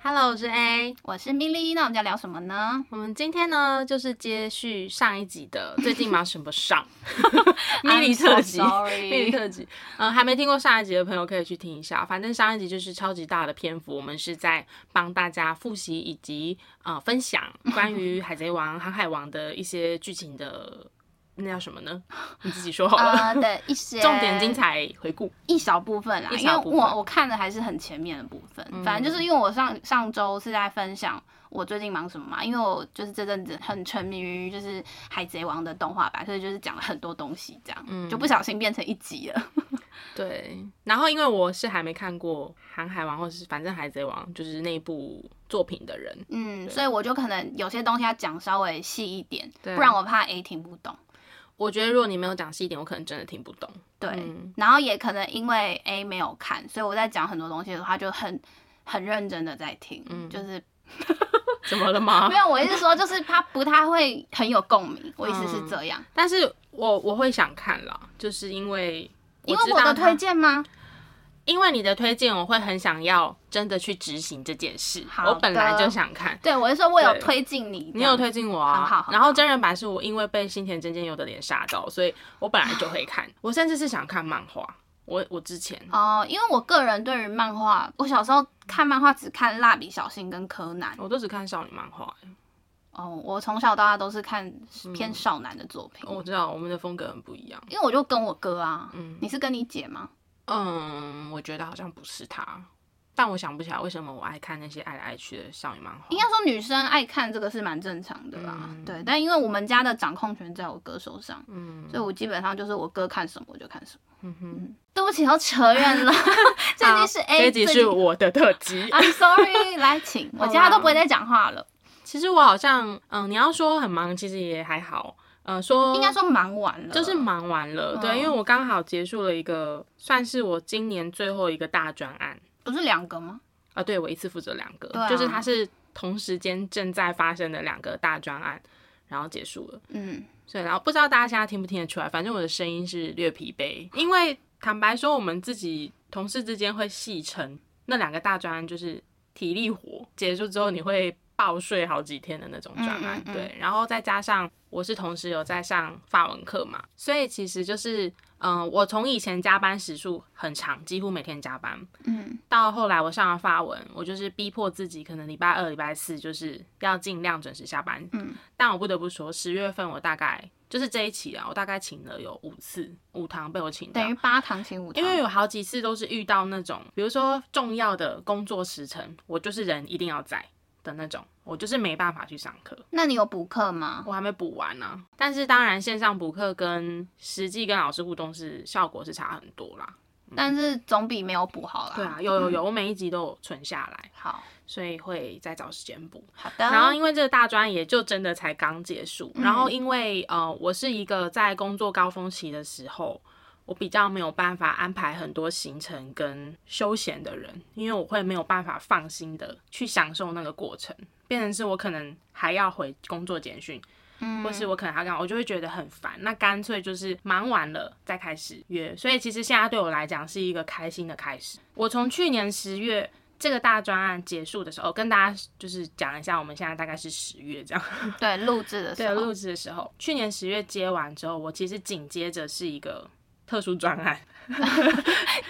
Hello，我是 A，我是 Milly 那我們要聊什麼呢？我們今天呢，就是接續上一集的，最近忙 什麼上 I？Milly 特輯，Milly so 特輯。嗯、呃，還沒聽過上一集的朋友可以去聽一下。反正上一集就是超級大的篇幅，我們是在幫大家複習以及呃分享關於《海賊王》《航海王》的一些劇情的。 那叫什麼呢？你自己說好了。Uh, 對，一些重點精彩回顧，一小部分啦，一小部分。因為我我看的還是很前面的部分。嗯、反正就是因為我上上周是在分享我最近忙什麼嘛，因為我就是這陣子很沉迷於就是海賊王的動畫版，所以就是講了很多東西，這樣、嗯、就不小心變成一集了。對，然後因為我是還沒看過航海王或是反正海賊王就是那部作品的人，嗯，對所以我就可能有些東西要講稍微細一點，對不然我怕 A 聽不懂。我覺得，如果你沒有講細一點，我可能真的聽不懂。對，嗯、然後也可能因為 A 沒有看，所以我在講很多東西的話，就很很認真的在聽，嗯、就是 怎麼了嗎？ 沒有，我意思是說，就是他不太會很有共鳴。嗯、我意思是這樣，但是我我會想看啦，就是因為因為我的推薦嗎？因為你的推薦，我會很想要真的去執行這件事。好，的我本來就想看，對，我是說我有推薦你，你有推薦我啊。很好很好。然後真人版是我因為被新田真劍佑的臉嚇到，所以我本來就會看。 我甚至是想看漫畫，我我之前哦，因為我個人對於漫畫，我小時候看漫畫只看蠟筆小新跟柯南，我都只看少女漫畫、欸。哦，我從小到大都是看偏少男的作品，嗯、我知道我們的風格很不一樣。因為我就跟我哥啊，嗯、你是跟你姐嗎？嗯，我覺得好像不是他，但我想不起來為什麼我愛看那些愛來愛去的少女漫畫。應該說女生愛看這個是蠻正常的啦。嗯、對，但因為我們家的掌控權在我哥手上，嗯，所以我基本上就是我哥看什麼我就看什麼。嗯哼，對不起，我扯遠了。這集 是 A，這集好己是我的特輯。 I'm sorry，來請， 我其他都不會再講話了。其實我好像，嗯，你要說很忙，其實也還好。嗯、呃，說應該說忙完了，就是忙完了。嗯、對，因為我剛好結束了一個，算是我今年最後一個大專案。不是兩個嗎？啊、呃，對，我一次負責兩個，啊、就是它是同時間正在發生的兩個大專案，然後結束了。嗯，對，然後不知道大家現在聽不聽得出來，反正我的聲音是略疲憊，因為坦白說，我們自己同事之間會戲稱那兩個大專案就是體力活，結束之後你會、嗯。報睡好幾天的那種狀態，嗯嗯嗯、對，然後再加上我是同時有在上法文課嘛，所以其實就是，嗯、呃，我從以前加班時數很長，幾乎每天加班，嗯，到後來我上了法文，我就是逼迫自己，可能禮拜二、禮拜四就是要儘量準時下班，嗯，但我不得不說，十月份我大概就是這一期啊，我大概請了有五次五堂被我請，到，等於八堂請五堂，因為有好幾次都是遇到那種，比如說重要的工作時辰，我就是人一定要在。的那種，我就是沒辦法去上課。那你有補課嗎？我還沒補完呢、啊。但是當然，線上補課跟實際跟老師互動是效果是差很多啦。嗯、但是總比沒有補好啦。對啊，有有有，嗯、我每一集都有存下來。好，所以會再找時間補。好的。然後因為這個大專也就真的才剛結束。嗯、然後因為呃，我是一個在工作高峰期的時候。我比較沒有辦法安排很多行程跟休閒的人，因為我會沒有辦法放心的去享受那個過程，變成是我可能還要回工作簡訊，嗯，或是我可能還要幹嘛，我就會覺得很煩。那乾脆就是忙完了再開始約，所以其實現在對我來講是一個開心的開始。我從去年十月這個大專案結束的時候，跟大家就是講一下，我們現在大概是十月這樣。對，錄制的時候。對，錄制的時候，去年十月接完之後，我其實緊接着是一個。特殊專案，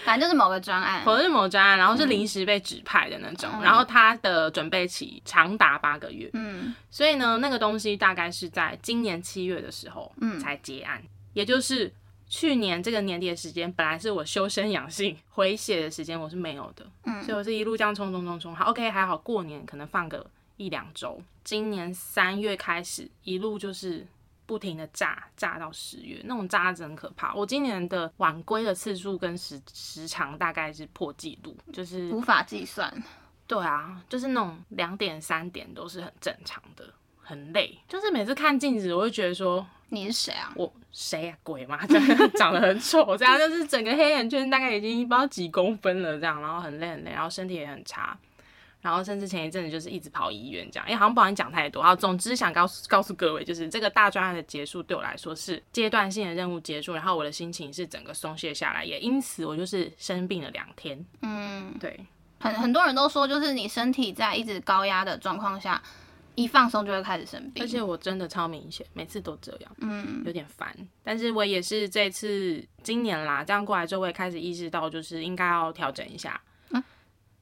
反正就是某個專案，或者是某個專案，然後是臨時被指派的那種，嗯、然後他的準備期長達八個月，嗯，所以呢，那個東西大概是在今年七月的時候，才結案，嗯、也就是去年這個年底的時間，本來是我修身養性回血的時間，我是沒有的，嗯，所以我是一路這樣衝衝衝衝，好，OK，還好過年可能放個一兩周，今年三月開始一路就是。不停的炸，炸到十月，那種炸真很可怕。我今年的晚歸的次數跟時時長大概是破紀錄，就是無法計算。對啊，就是那種兩點三點都是很正常的，很累。就是每次看鏡子，我會覺得說你是誰啊？我誰啊？鬼嘛，長 長得很醜，這樣就是整個黑眼圈大概已經不知道幾公分了，這樣，然後很累很累，然後身體也很差。然後甚至前一陣子就是一直跑醫院，這樣，因為好像不好意思講太多。好，總之想告訴告訴各位，就是這個大專案的結束對我來說是階段性的任務結束，然後我的心情是整個鬆懈下來，也因此我就是生病了兩天。嗯，對，很很多人都說，就是你身體在一直高壓的狀況下，一放鬆就會開始生病。而且我真的超明顯，每次都這樣。嗯，有點煩，但是我也是這次今年啦，這樣過來之後，我也開始意識到，就是應該要調整一下。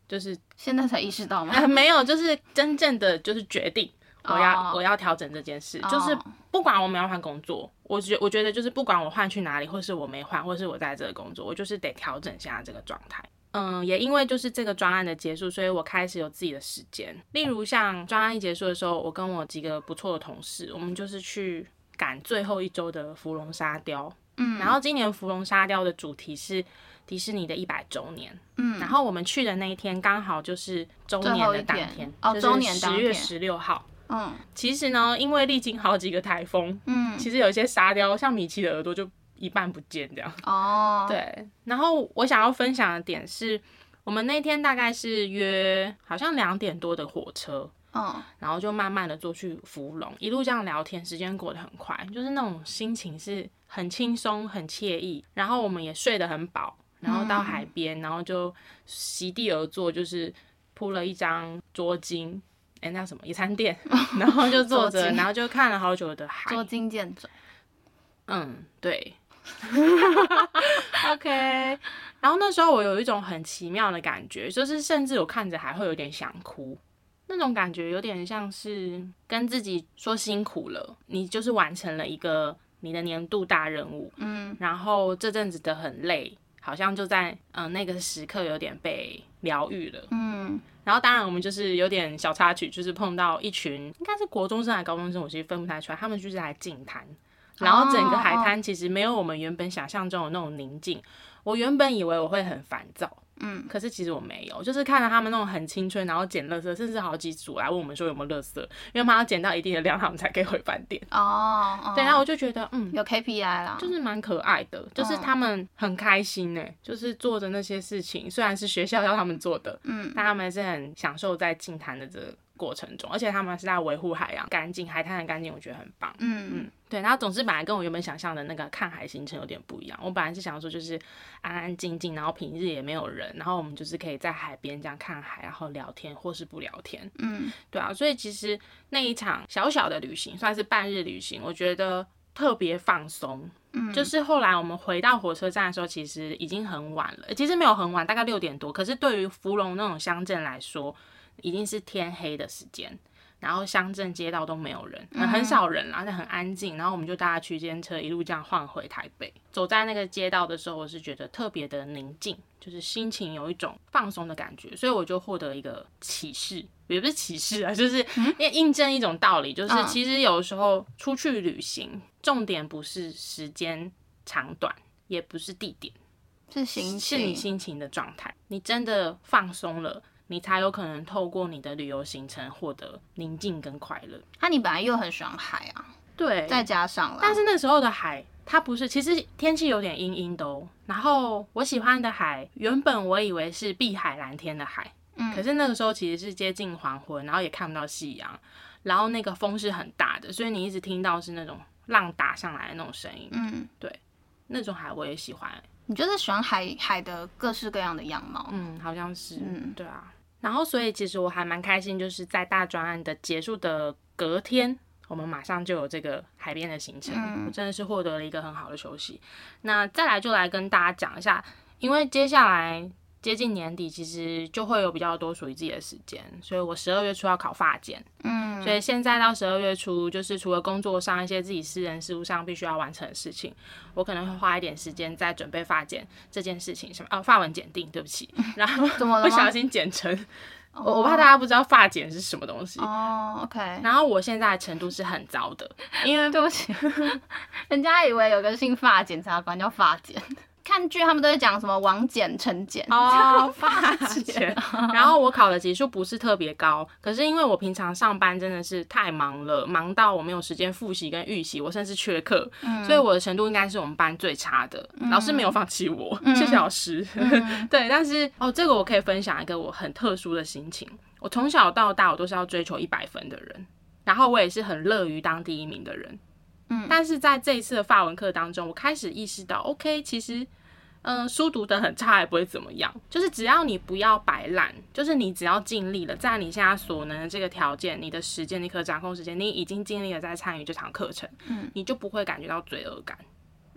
就是現在才意識到嗎？沒有，就是真正的就是決定我要，oh, 我要調整這件事，oh. 就是不管我沒有換工作，我覺我覺得就是不管我換去哪裡，或是我沒換，或是我在這個工作，我就是得調整現在這個狀態。嗯，也因為就是這個專案的結束，所以我開始有自己的時間。例如像專案一結束的時候，我跟我幾個不錯的同事，我們就是去趕最後一周的福隆沙雕。嗯，然後今年福隆沙雕的主題是迪士尼的一百週年。嗯，然後我們去的那一天剛好就是週年的當天，哦、週年當天就是十月十六號。嗯，其實呢，因為歷經好幾個台風，嗯，其實有些沙雕像米奇的耳朵就一半不見這樣。哦，對。然後我想要分享的點是，我們那天大概是約好像兩點多的火車。然後就慢慢的坐去福隆，一路這樣聊天，時間過得很快，就是那種心情是很輕鬆、很愜意。然後我們也睡得很飽，然後到海邊，嗯、然後就席地而坐，就是鋪了一張桌巾，哎，那叫什麼野餐墊？哦、然後就坐着，桌巾然後就看了好久的海。捉襟見肘。嗯，對。OK。然後那時候我有一種很奇妙的感覺，就是甚至我看着還會有點想哭。那種感覺有點像是跟自己說辛苦了，你就是完成了一個你的年度大任務，嗯，然後這陣子的很累，好像就在嗯、呃、那個時刻有點被療癒了，嗯，然後當然我們就是有點小插曲，就是碰到一群應該是國中生還是高中生，我其實分不太出來，他們就是來淨灘，然後整個海灘其實沒有我們原本想象中的那種寧靜，我原本以為我會很煩躁。嗯，可是其實我沒有，就是看到他們那種很青春，然後撿垃圾，甚至好幾組來問我們說有沒有垃圾，因為他們要撿到一定的量，他們才可以回飯店。哦、oh, oh，對，然後我就覺得嗯，有 KPI 啦，就是蠻可愛的，就是他們很開心呢、欸，就是做的那些事情，oh. 雖然是學校要他們做的，嗯，oh. 但他們是很享受在淨灘的這個，過程中，而且他們是在維護海洋乾淨、海灘的乾淨，我覺得很棒。嗯嗯，對。然後總之，本來跟我原本想象的那個看海行程有點不一樣。我本來是想說，就是安安靜靜，然後平日也沒有人，然後我們就是可以在海邊這樣看海，然後聊天或是不聊天。嗯，對啊。所以其實那一場小小的旅行，算是半日旅行，我覺得特別放鬆。嗯，就是後來我們回到火車站的時候，其實已經很晚了。其實沒有很晚，大概六點多。可是對於福隆那種鄉鎮來說，一定是天黑的時間，然後鄉鎮街道都沒有人，很少人，而且、嗯、很安靜。然後我們就搭區間車，一路這樣換回台北。走在那個街道的時候，我是覺得特別的寧靜，就是心情有一種放鬆的感覺。所以我就獲得一個啟示，也不是啟示啊，就是因為印證一種道理，就是其實有時候出去旅行，重點不是時間長短，也不是地點，是心，是你心情的狀態。你真的放鬆了，你才有可能透過你的旅遊行程獲得寧靜跟快樂。那、啊、你本來又很喜歡海啊，對，再加上了。但是那時候的海，它不是，其實天氣有點陰陰的哦。然後我喜歡的海，原本我以為是碧海藍天的海，嗯、可是那個時候其實是接近黃昏，然後也看不到夕陽，然後那個風是很大的，所以你一直聽到是那種浪打上來的那種聲音，嗯，對。那種海我也喜歡、欸。你就是喜歡海海的各式各樣的樣貌？嗯，好像是，嗯，對啊。然後，所以其實我還蠻開心，就是在大專案的結束的隔天，我們馬上就有這個海邊的行程。我真的是獲得了一個很好的休息。那再來就來跟大家講一下，因為接下來接近年底，其實就會有比較多屬於自己的時間。所以我十二月初要考法檢。所以現在到十二月初，就是除了工作上一些自己私人事務上必須要完成的事情，我可能會花一點時間在準備法檢這件事情，什麼哦，法文檢定，對不起，然後不小心簡稱，我、oh. 我怕大家不知道法檢是什麼東西哦、oh,，OK，然後我現在的程度是很糟的，因為對不起， 人家以為有個姓法檢察官叫法檢。看劇，他們都在講什麼王檢、陳檢，哦，法檢！ 然後我考的級數不是特別高，哦、可是因為我平常上班真的是太忙了，忙到我沒有時間複習跟預習，我甚至缺課，嗯、所以我的程度應該是我們班最差的。嗯、老師沒有放棄我，嗯、謝謝老師。 對，但是哦，這個我可以分享一個我很特殊的心情。我從小到大，我都是要追求一百分的人，然後我也是很樂於當第一名的人。嗯，但是在這一次的法文課當中，我開始意識到，OK，其實。嗯，書讀得很差也不會怎麼樣，就是只要你不要擺爛，就是你只要盡力了，在你現在所能的這個條件，你的時間，你可掌控時間，你已經盡力了，在參與這場課程，嗯，你就不會感覺到罪惡感，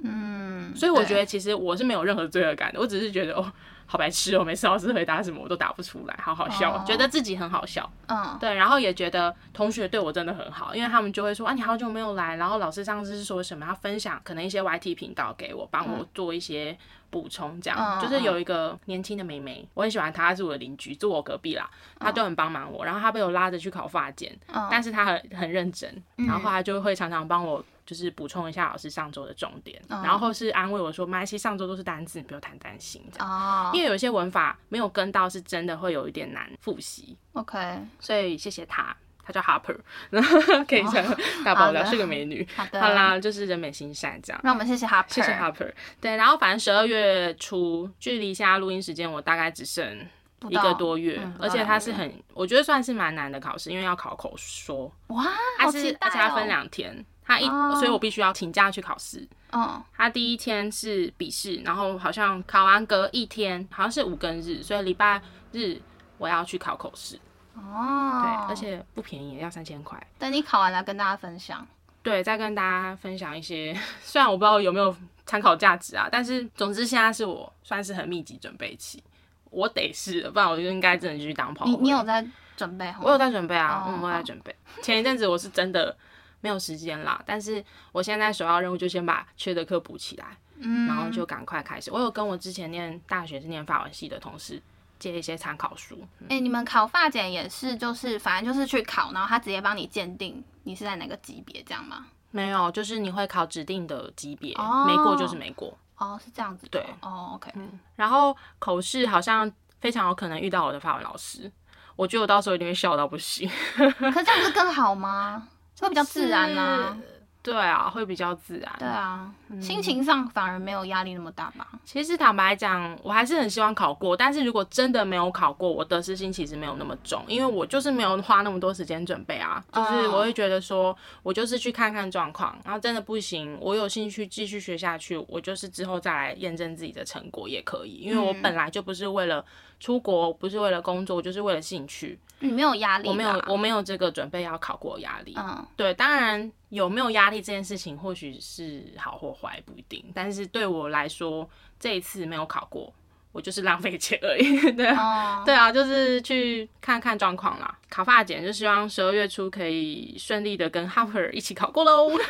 嗯，所以我覺得其實我是沒有任何罪惡感的，對我只是覺得哦，好白痴哦，每次老師回答什麼我都答不出來，好好笑，oh, 覺得自己很好笑，嗯，uh. 對，然後也覺得同學對我真的很好，因為他們就會說啊，你好久沒有來，然後老師上次是說什麼要分享可能一些 YT 頻道給我，幫我做一些。補充這樣，oh. 就是有一個年輕的妹妹，我很喜歡她，是我的鄰居，住我隔壁啦。她都很幫忙我，oh. 然後她被我拉着去考法檢，oh. 但是她很很認真。嗯、然後她就會常常幫我，就是補充一下老師上周的重點，oh. 然後,後是安慰我說，馬來西亞上周都是單字，你不要太擔心這樣、oh. 因為有些文法沒有跟到，是真的會有一點難複習。OK，所以謝謝她。叫 Harper、哦、可以講，大爆料是個美女。好的，好啦，就是人美心善這樣。那我們謝謝 Harper，謝謝 Harper 對，然後反正十二月初，距離現在錄音時間，我大概只剩一個多月。嗯、月而且它是很，我覺得算是蠻難的考試，因為要考口說。哇，它、哦、好期待，而且分兩天，他一，哦、所以我必須要請假去考試。哦。他第一天是筆試，然後好像考完隔一天，好像是五更日，所以禮拜日我要去考口試。哦，對，而且不便宜，要三千塊。等你考完了，跟大家分享。對，再跟大家分享一些，雖然我不知道有沒有參考價值啊，但是總之現在是我算是很密集準備期，我得試了，不然我就應該只能去當朋友。你有在準備？我有在準備啊，哦嗯、我有在準備。好前一陣子我是真的沒有時間啦， 但是我現在首要任務就先把缺的課補起來，嗯、然後就趕快開始。我有跟我之前念大學是念法文系的同事。借一些參考書。哎、嗯欸，你們考法檢也是，就是反正就是去考，然後他直接幫你鑑定你是在哪個級別，這樣嗎？沒有，就是你會考指定的級別，哦、沒過就是沒過。哦，是這樣子的、哦。對。哦，OK。嗯、然後口試好像非常有可能遇到我的法文老師，我覺得我到時候一定會笑到不行。 可是這樣不是更好嗎？會比較自然呢、啊。對啊，會比較自然。對啊，嗯、心情上反而沒有壓力那麼大吧。其實坦白來講，我還是很希望考過。但是如果真的沒有考過，我得失心其實沒有那麼重，因為我就是沒有花那麼多時間準備啊。就是我會覺得說，oh. 我就是去看看狀況，然後真的不行，我有興趣繼續學下去，我就是之後再來驗證自己的成果也可以。因為我本來就不是為了。出國不是為了工作，就是為了興趣。你沒有壓力，我沒有，我沒有這個準備要考過壓力。嗯、對，當然有沒有壓力這件事情，或許是好或壞不一定。但是對我來說，這一次沒有考過，我就是浪費錢而已。 對啊，哦、對啊，就是去看看狀況啦。考法檢就希望十二月初可以順利的跟 Harper 一起考過嘍。 了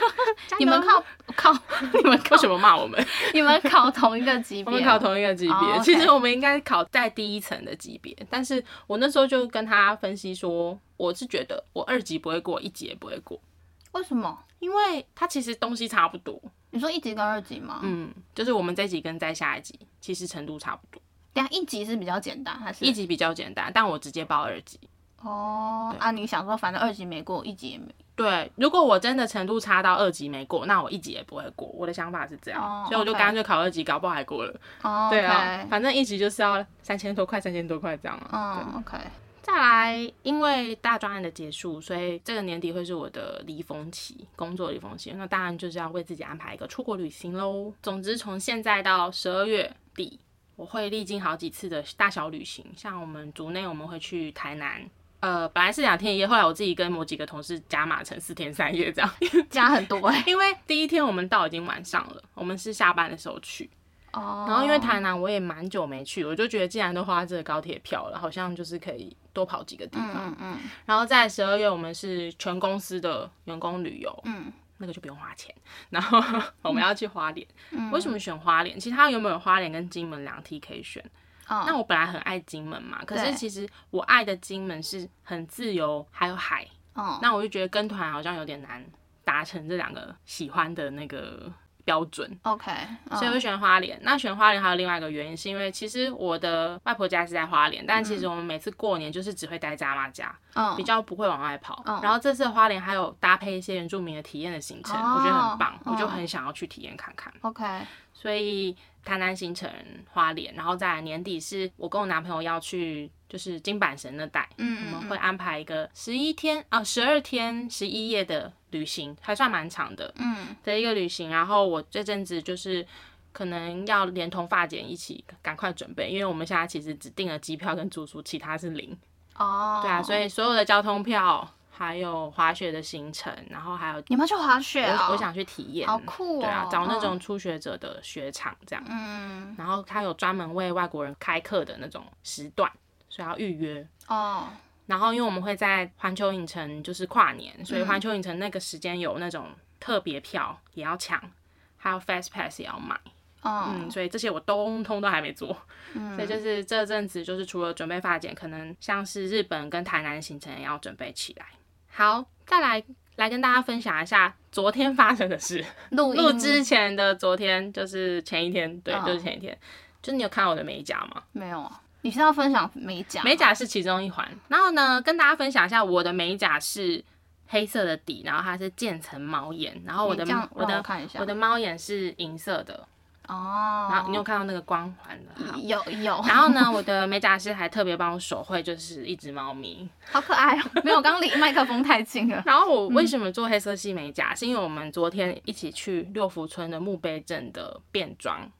你們考，靠！ 你們靠考什麼罵我們？你們考同一個級別，啊，我們考同一個級別。Oh, okay. 其實我們應該考在第一層的級別，但是我那時候就跟他分析說，我是覺得我二級不會過，一級也不會過。為什麼？因為他其實東西差不多。你說一級跟二級嗎？嗯，就是我們這級跟在下一級，其實程度差不多。對啊，一級是比較簡單，還是？一級比較簡單，但我直接報二級。哦，oh, 對啊，你想說反正二級沒過，一級也沒。對，如果我真的程度差到二級沒過，那我一級也不會過。我的想法是這樣，oh, okay. 所以我就乾脆就考二級，搞不好還過了。哦，oh, okay. 對啊，反正一級就是要三千多塊，三千多塊這樣啊。嗯，OK。再來，因為大專案的結束，所以這個年底會是我的離峰期，工作離峰期，那當然就是要為自己安排一個出國旅行嘍。總之，從現在到十二月底，我會歷經好幾次的大小旅行，像我們族內我們會去台南。呃，本來是兩天一夜，後來我自己跟某幾個同事加碼成四天三夜，這樣加很多、欸。因為第一天我們到已經晚上了，我們是下班的時候去。哦。然後因為台南我也蠻久沒去，我就覺得既然都花這個高鐵票了，好像就是可以多跑幾個地方。嗯嗯。嗯嗯，然後在十二月，我們是全公司的員工旅遊，嗯，那個就不用花錢。然後我們要去花蓮，嗯、為什麼選花蓮？其他有沒有花蓮跟金門兩 T 可以選？那我本來很愛金門嘛，對可是其實我愛的金門是很自由，還有海。哦、嗯。那我就覺得跟團好像有點難達成這兩個喜歡的那個標準。OK、嗯。所以我就選花蓮。那選花蓮還有另外一個原因，是因為其實我的外婆家是在花蓮，嗯、但其實我們每次過年就是只會待在阿嬤家，嗯、比較不會往外跑。嗯、然後這次的花蓮還有搭配一些原住民的體驗的行程，哦、我覺得很棒。我就很想要去體驗看看，oh,，OK。所以台南行程、花蓮，然後在年底是我跟我男朋友要去，就是京阪神那帶，嗯嗯嗯，我們會安排一個十一天啊十二天十一夜的旅行，還算蠻長的，嗯，的一個旅行。然後我這陣子就是可能要連同法檢一起趕快準備，因為我們現在其實只訂了機票跟住宿，其他是零，哦，oh. 對啊，所以所有的交通票。還有滑雪的行程，然後還有你們去滑雪，哦、我，我想去體驗，好酷，哦、對啊，找那種初學者的雪場這樣，嗯，然後他有專門為外國人開課的那種時段，所以要預約哦。然後因為我們會在環球影城就是跨年，所以環球影城那個時間有那種特別票也要搶，還有 Fast Pass 也要買，哦、嗯，所以這些我通通都還沒做，嗯、所以就是這陣子就是除了準備法檢，可能像是日本跟台南行程也要準備起來。好，再來來跟大家分享一下昨天發生的事。錄錄 之前的昨天，就是前一天，對，uh huh. 就是前一天。就你有看到我的美甲嗎？沒有啊。你是要分享美甲啊？美甲是其中一環。然後呢，跟大家分享一下我的美甲是黑色的底，然後它是漸層貓眼，然後我的我，看一下，我的我的貓眼是銀色的。哦，oh, 然後你有看到那個光環的，有有。然後呢， 我的美甲師還特別幫我手繪，就是一隻貓咪， 好可愛哦、喔。沒有，我剛離麥克風太近了。 然後我為什麼做黑色系美甲？嗯、是因為我們昨天一起去六福村的墓碑鎮的變裝，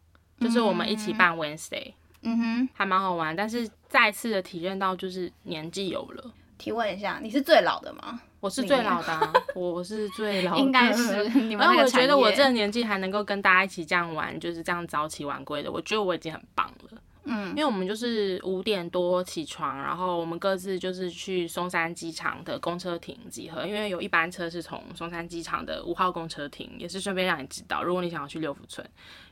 就是我們一起辦 Wednesday，嗯哼、嗯嗯，還蠻好玩。但是再次的體驗到，就是年紀有了。提問一下，你是最老的嗎？我是最老的，啊、我是最老的， 應該是。而我覺得我這個年紀還能夠跟大家一起這樣玩，就是這樣早起晚歸的，我覺得我已經很棒了。嗯，因為我們就是五點多起床，然後我們各自就是去松山機場的公車亭集合。因為有一班車是從松山機場的五號公車亭，也是順便讓你知道，如果你想要去六福村，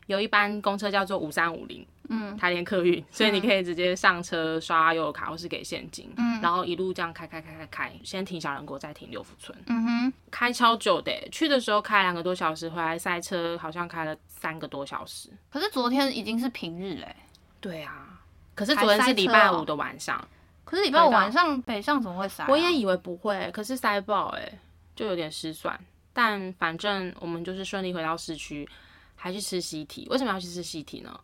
有一班公車叫做五三五零，嗯，台聯客運，嗯、所以你可以直接上車刷悠遊卡或是給現金，嗯，然後一路這樣開開開開開，先停小人國，再停六福村，嗯哼，開超久的、欸，去的時候開兩個多小時，回來塞車好像開了三個多小時。可是昨天已經是平日嘞、欸。對啊，可是昨天是禮拜五的晚上，哦、可是禮拜五晚上北上怎麼會塞、啊？我也以為不會，可是塞爆哎、欸，就有點失算。但反正我們就是順利回到市區，還去吃西提。為什麼要去吃西提呢？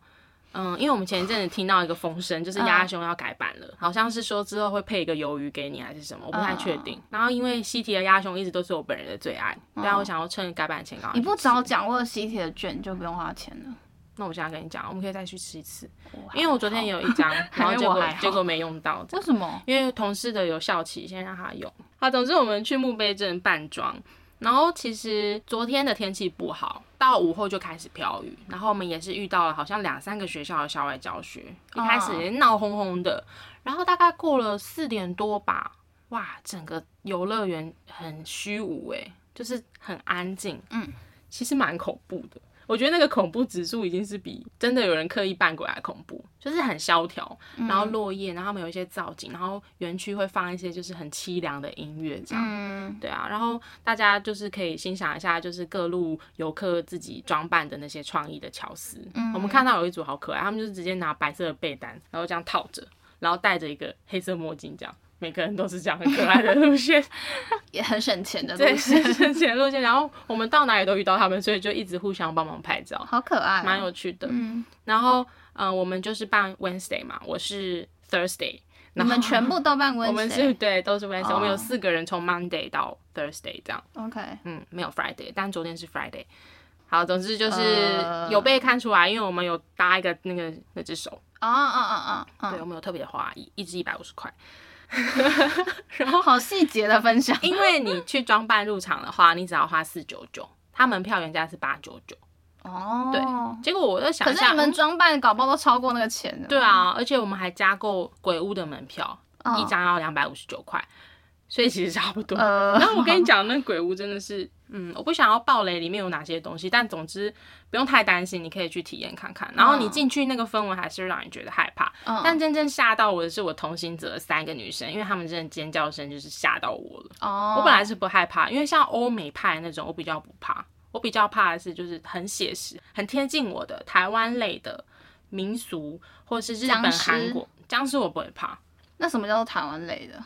嗯，因為我們前一陣子聽到一個風聲，啊、就是鴨胸要改版了，啊、好像是說之後會配一個魷魚給你，還是什麼，我不太確定。啊、然後因為西提的鴨胸一直都是我本人的最愛，但、啊、我想要趁改版前剛好你。你不早講，我的西提的卷就不用花錢了。那我現在跟你講，我們可以再去吃一次，哦、因為我昨天也有一張，好然後結果還還結果沒用到。為什麼？因為同事的有效期，先讓他用。好，總之我們去墓碑鎮扮裝，然後其實昨天的天氣不好，到午後就開始飄雨，然後我們也是遇到了好像兩三個學校的校外教學，一開始鬧哄哄的，哦、然後大概過了四點多吧，哇，整個遊樂園很虛無誒、欸，就是很安靜，嗯，其實蠻恐怖的。我覺得那個恐怖指數已經是比真的有人刻意扮鬼還恐怖，就是很蕭條，然後落葉，然後他們有一些造景，然後園區會放一些就是很淒涼的音樂這樣，對啊，然後大家就是可以欣賞一下，就是各路遊客自己裝扮的那些創意的巧思。嗯。我們看到有一組好可愛，他們就是直接拿白色的被單，然後這樣套着，然後戴着一個黑色墨鏡這樣。每個人都是這樣很可愛的路線，也很省錢的路線，對，省錢路線。然後我們到哪裡都遇到他們，所以就一直互相幫忙拍照，好可愛，蠻有趣的。嗯，然後嗯，我們就是辦 Wednesday 嘛，我是 Thursday，我們全部都辦 Wednesday，對，都是 Wednesday。我們有四個人，從 Monday 到 Thursday 這樣，OK，嗯，沒有 Friday，但昨天是 Friday。好，總之就是有被看出來，因為我們有搭一個那個那只手，啊啊啊啊，對，我們有特別的花一支一百五十塊。 然後好細節的分享，因為你去裝扮入場的話，你只要花四九九，他門票原價是八九九。哦，對，結果我在想，可是你們裝扮搞不好都超過那個錢。哦，對啊，而且我們還加購鬼屋的門票，哦，一張要兩百五十九塊。所以其實差不多、呃。然後我跟你講，那鬼屋真的是，嗯，嗯，我不想要暴雷裡面有哪些東西，但總之不用太擔心，你可以去體驗看看。然後你進去那個氛圍還是讓你覺得害怕。嗯、但真正嚇到我的是我同行者三個女生，嗯、因為她們真的尖叫聲就是嚇到我了。哦。我本來是不害怕，因為像歐美派那種我比較不怕，我比較怕的是就是很寫實、很貼近我的台灣類的民俗，或者是日本、僵屍？韓國僵屍我不會怕。那什麼叫做台灣類的？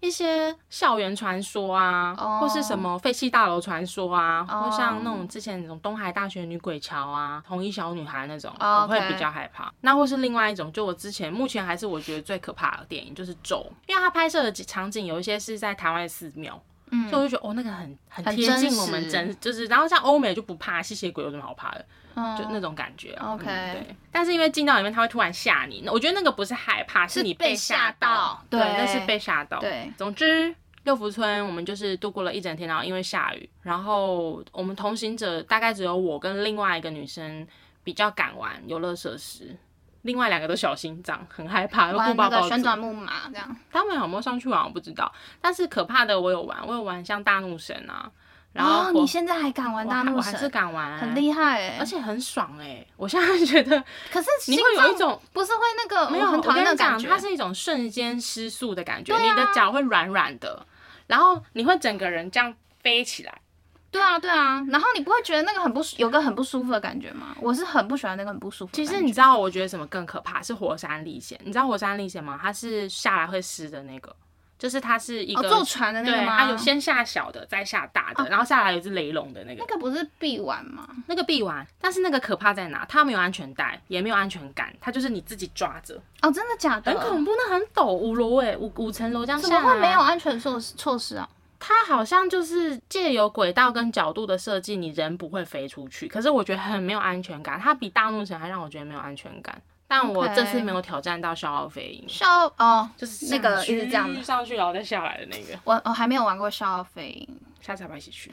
一些校園傳說啊，oh. 或是什麼廢棄大樓傳說啊，oh. 或像那種之前那種東海大學女鬼橋啊、紅衣小女孩那種，oh, okay. 我會比較害怕。那或是另外一種，就我之前目前還是我覺得最可怕的電影，就是咒，因為它拍攝的場景有一些是在台灣的寺廟。嗯、所以我就覺得，哦，那個很很貼近我們真，就是，然後像歐美就不怕吸血鬼，有什麼好怕的，哦、就那種感覺、啊。OK，嗯、對。但是因為進到裡面，他會突然嚇你。我覺得那個不是害怕，是你被嚇到。嚇到對，對，那是被嚇到。對，對，總之六福村我們就是度過了一整天，然後因為下雨，然後我們同行者大概只有我跟另外一個女生比較敢玩遊樂設施。另外兩個都小心臟，很害怕，又不抱抱玩那個旋轉木馬，這樣他們有沒有上去玩，我不知道。但是可怕的，我有玩，我有玩像大怒神啊。然後、哦、你現在還敢玩大怒神？我還是敢玩？很厲害、欸，而且很爽哎、欸！我現在覺得，可是你會有一種不是會那個沒有，很討厭的感覺。它是一種瞬間失速的感覺，啊、你的腳會軟軟的，然後你會整個人這樣飛起來。對啊對啊，然後你不會覺得那個很不，舒，有個很不舒服的感覺嗎？我是很不喜歡那個很不舒服。其實你知道我覺得什麼更可怕？是火山歷險。你知道火山歷險嗎？它是下來會濕的那個，就是它是一個、哦、坐船的那個嗎？對、啊，有先下小的，再下大的，哦、然後下來有只雷龍的那個。那個不是必玩嗎？那個必玩，但是那個可怕在哪？它沒有安全帶，也沒有安全感，它就是你自己抓着。哦，真的假的？很恐怖，那很陡，五樓誒，五五層樓這樣下來。怎麼會沒有安全措施措施啊？它好像就是借由軌道跟角度的設計，你人不會飛出去。可是我覺得很沒有安全感，它比大怒神還讓我覺得沒有安全感。但我這次沒有挑戰到笑傲飛鷹，笑傲哦，就是那個一直這樣上去然後再下來的那個。那個我我還沒有玩過笑傲飛鷹，下次要不要一起去？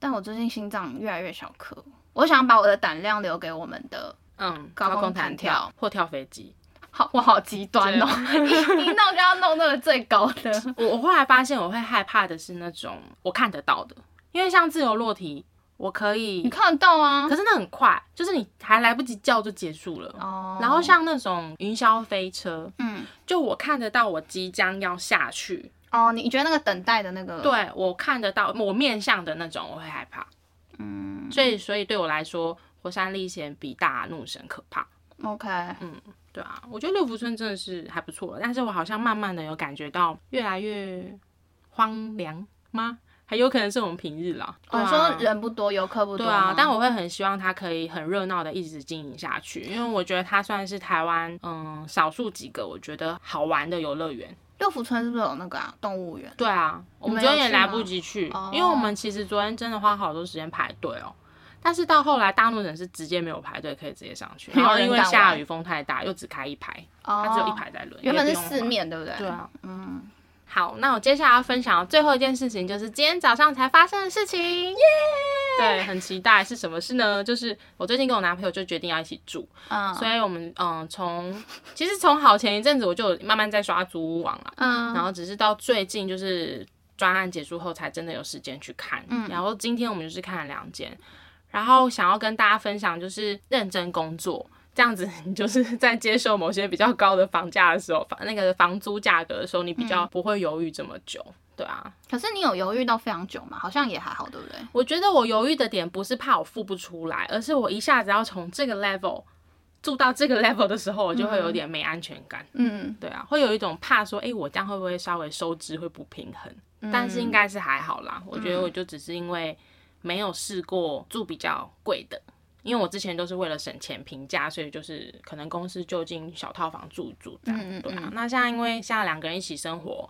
但我最近心臟越來越小顆，我想把我的膽量留給我們的嗯高空彈跳、嗯、高空彈跳或跳飛機。好我好極端哦！對 你一弄就要弄那個最高的。我 我後來發現，我會害怕的是那種我看得到的，因為像自由落體，我可以你看得到嗎、啊？可是那很快，就是你還來不及叫就結束了。哦。然後像那種雲霄飛車，嗯，就我看得到我即將要下去。哦，你你覺得那個等待的那個？對，我看得到我面向的那種，我會害怕。嗯。所以所以對我來說，火山歷險比大怒神可怕。OK。嗯。對啊，我覺得六福村真的是還不錯，但是我好像慢慢的有感覺到越來越荒涼嗎？還有可能是我們平日了，我、啊哦、說人不多，遊客不多。對啊，但我會很希望它可以很熱鬧的一直經營下去，因為我覺得它算是台灣嗯少數幾個我覺得好玩的遊樂園。六福村是不是有那個、啊、動物園？對啊，我們昨天也來不及去，有有去哦、因為我們其實昨天真的花好多時間排隊哦。但是到後來，大陸人是直接沒有排隊，可以直接上去。然後因為下雨，風太大，又只開一排，哦、它只有一排在輪。原本是四面，對不對？對啊，嗯。好，那我接下來要分享的最後一件事情，就是今天早上才發生的事情。耶！對，很期待是什麼事呢？就是我最近跟我男朋友就決定要一起住，嗯，所以我們嗯從其實從好前一陣子我就慢慢在刷租屋網了，嗯，然後只是到最近就是專案結束後才真的有時間去看，嗯、然後今天我們就是看了兩間。然後想要跟大家分享，就是認真工作，這樣子你就是在接受某些比較高的房價的時候，房那個房租價格的時候，你比較不會猶豫這麼久，嗯、對啊。可是你有猶豫到非常久嗎？好像也還好，對不對？我覺得我猶豫的點不是怕我付不出來，而是我一下子要從這個 level 住到這個 level 的時候，我就會有點沒安全感。嗯，對啊，會有一種怕說，欸，我這樣會不會稍微收支會不平衡？嗯、但是應該是還好啦。我覺得我就只是因為。沒有試過住比較貴的，因為我之前都是為了省錢平價，所以就是可能公司就近小套房住一住這樣嗯嗯嗯，對、啊、那現在因為像兩個人一起生活，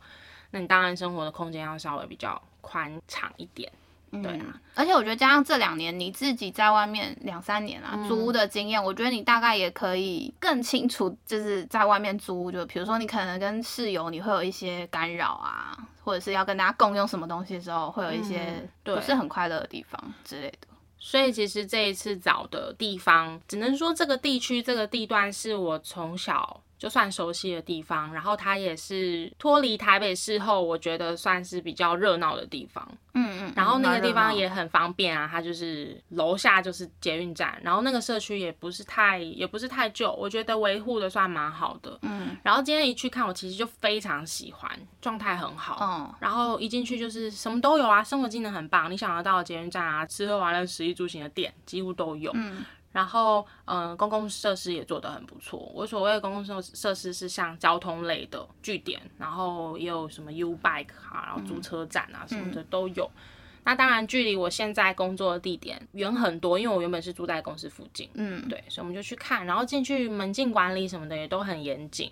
那你當然生活的空間要稍微比較寬敞一點，對、嗯、啊。而且我覺得加上這兩年你自己在外面兩三年，啊、嗯、租屋的經驗，我覺得你大概也可以更清楚，就是在外面租就比如說你可能跟室友你會有一些干擾啊。或者是要跟大家共用什麼東西的時候，會有一些不是很快樂的地方之類的。嗯、所以其實這一次找的地方，只能說這個地區、這個地段是我從小。就算熟悉的地方，然後它也是脫離台北市後，我覺得算是比較熱鬧的地方。嗯嗯。嗯，然後那個地方也很方便啊，它就是樓下就是捷運站，然後那個社區也不是太，也不是太舊，我覺得維護的算蠻好的。嗯。然後今天一去看，我其實就非常喜歡，狀態很好。嗯。然後一進去就是什麼都有啊，生活機能很棒，你想要到的捷運站啊，吃喝玩樂、食衣住行的店幾乎都有。嗯。然後，嗯、呃，公共設施也做得很不錯。我所謂公共設設施是像交通類的據點，然後也有什麼 U bike 啊，然後租車站啊什麼的都有。嗯、那當然距離我現在工作的地點遠很多，因為我原本是住在公司附近。嗯，對，所以我們就去看，然後進去門禁管理什麼的也都很嚴謹，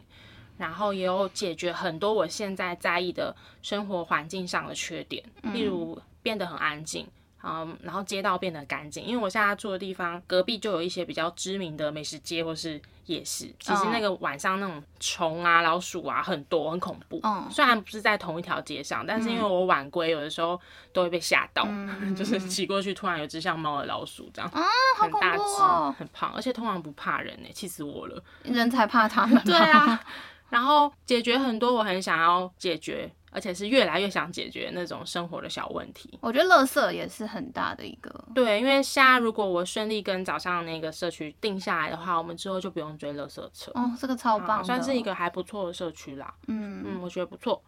然後也有解決很多我現在在意的生活環境上的缺點，例如變得很安靜。嗯，然後街道變得乾淨，因為我現在住的地方隔壁就有一些比較知名的美食街或是夜市。其實那個晚上那種蟲啊、老鼠啊很多，很恐怖。嗯，雖然不是在同一條街上，但是因為我晚歸，有的時候都會被嚇到，嗯、 就是騎過去突然有隻像貓的老鼠這樣，嗯，好恐怖哦，很大隻，很胖，而且通常不怕人哎，欸，氣死我了。人才怕它們。 對啊，然後解決很多我很想要解決。而且是越來越想解決那種生活的小問題，我覺得垃圾也是很大的一個。對，因為現在如果我順利跟早上那個社區定下來的話，我們之後就不用追垃圾車。哦，這個超棒，算是一個還不錯的社區啦。嗯嗯，我覺得不錯，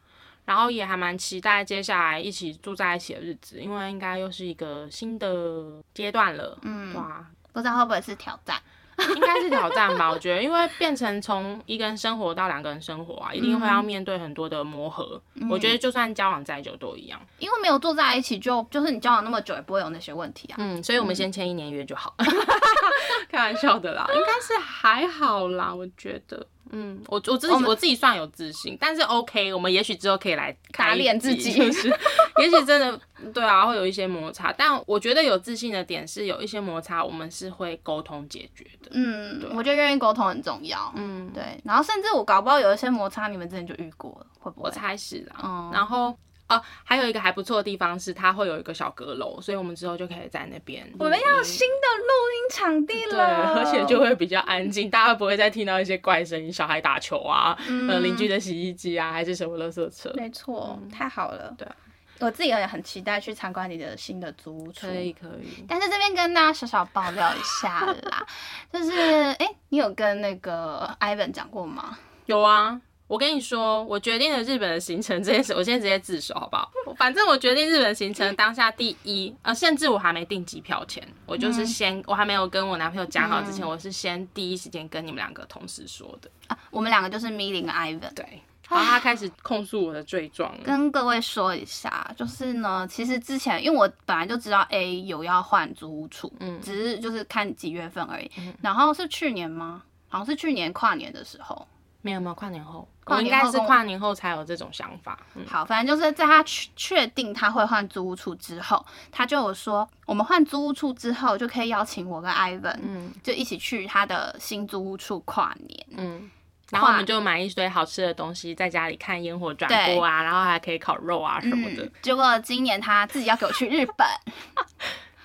然後也還蠻期待接下來一起住在一起的日子，因為應該又是一個新的階段了。嗯哇，不知道會不會是挑戰。 應該是挑戰吧，我覺得，因為變成從一個人生活到兩個人生活啊，一定會要面對很多的磨合。嗯、我覺得就算交往再久都一樣，因為沒有坐在一起就，就就是你交往那麼久也不會有那些問題啊。嗯，所以我們先簽一年約就好。嗯、 開玩笑的啦， 應該是還好啦，我覺得。嗯，我我自己我，們我自己算有自信，但是 OK，我們也許之後可以來打臉臉自己， 就是也許真的對啊，會有一些摩擦，但我覺得有自信的點是有一些摩擦，我們是會溝通解決的。啊、嗯，我覺得願意溝通很重要。嗯，對，然後甚至我搞不好有一些摩擦，你們之前就遇過了，會不會？我猜是啊，嗯，然後。哦，還有一個還不錯的地方是，它會有一個小閣樓，所以我們之後就可以在那邊。我們要新的錄音場地了，對，而且就會比較安靜，嗯、大家不會再聽到一些怪聲，小孩打球啊，嗯，鄰、呃、居的洗衣機啊，還是什麼垃圾車。沒錯錯，嗯、太好了，對，我自己也很期待去參觀你的新的租屋可以可以。但是這邊跟大家小小爆料一下了啦， 就是哎、欸，你有跟那個 Ivan 講過嗎？有啊。我跟你說，我決定了日本的行程這件事，我先直接自首好不好？反正我決定日本的行程當下第一，啊、呃，甚至我還沒訂機票前，我就是先，嗯、我還沒有跟我男朋友講好之前，嗯、我是先第一時間跟你們兩個同時說的啊。我們兩個就是 Meeting Ivan。對，然後他開始控訴我的罪狀。啊。跟各位說一下，就是呢，其實之前因為我本來就知道 A 有要換租屋處，嗯，只是就是看幾月份而已。嗯、然後是去年嗎？好像是去年跨年的時候。沒有沒有，跨年後，跨年後我應該是跨年後才有這種想法。嗯、好，反正就是在他確，確定他會換租屋處之後，他就有說，我們換租屋處之後就可以邀請我跟 Ivan，就一起去他的新租屋處跨年。嗯，然後我們就買一堆好吃的東西，在家裡看煙火轉播啊，對然後還可以烤肉啊什麼的。結果、嗯、今年他自己要給我去日本。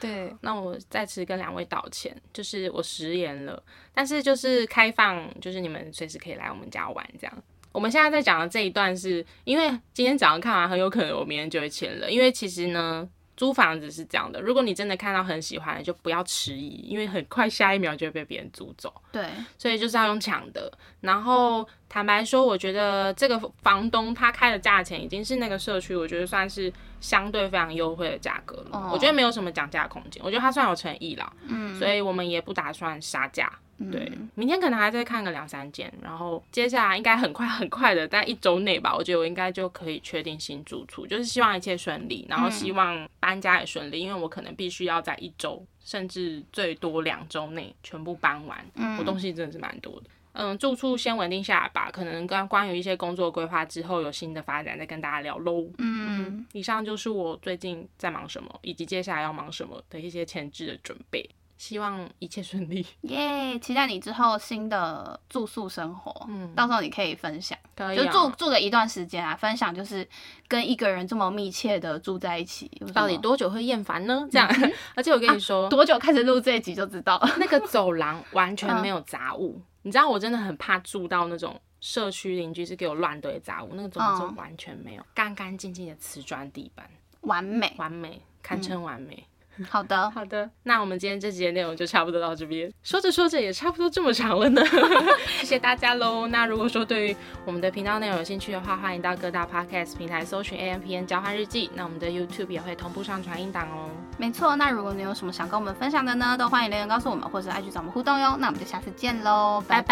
對，那我再次跟兩位道歉，就是我食言了。但是就是開放，就是你們隨時可以來我們家玩這樣。我們現在在講的這一段是，是因為今天早上看完，很有可能我明天就會簽了。因為其實呢。租房子是這樣的，如果你真的看到很喜歡，就不要遲疑，因為很快下一秒就會被別人租走。對，所以就是要用搶的。然後坦白說，我覺得這個房東他開的價錢已經是那個社區，我覺得算是相對非常優惠的價格了。哦，我覺得沒有什麼講價空間，我覺得他算有誠意了。嗯，所以我們也不打算殺價。對，明天可能還再看個兩三間，然後接下來應該很快很快的，在一周內吧，我覺得我應該就可以確定新住處，就是希望一切順利，然後希望搬家也順利，嗯、因為我可能必須要在一周甚至最多兩周內全部搬完，嗯、我東西真的是蠻多的。嗯，住處先穩定下來吧，可能關關於一些工作規劃之後有新的發展再跟大家聊嘍。嗯嗯，嗯，以上就是我最近在忙什麼，以及接下來要忙什麼的一些前置的準備。希望一切順利，耶！期待你之後新的住宿生活，嗯，到時候你可以分享，就住住了一段時間啊，分享就是跟一個人這麼密切的住在一起，到底多久會厭煩呢？這樣，而且我跟你說，多久開始錄這一集就知道。那個走廊完全沒有雜物，你知道我真的很怕住到那種社區鄰居是給我亂堆雜物，那個走廊就完全沒有，乾乾淨淨的瓷磚地板，完美，完美，堪稱完美。好的， 好的，那我們今天這集的內容就差不多到這邊。說着說着也差不多這麼長了呢， 謝謝大家嘍。那如果說對於我們的頻道內容有興趣的話，歡迎到各大 Podcast 平台搜尋 AMpm 交換日記。那我們的 YouTube 也會同步上傳音檔哦。沒錯，那如果你有什麼想跟我們分享的呢，都歡迎留言告訴我們，或者 IG 找我們互動喲。那我們就下次見嘍，拜拜。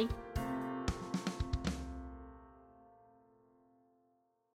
拜拜。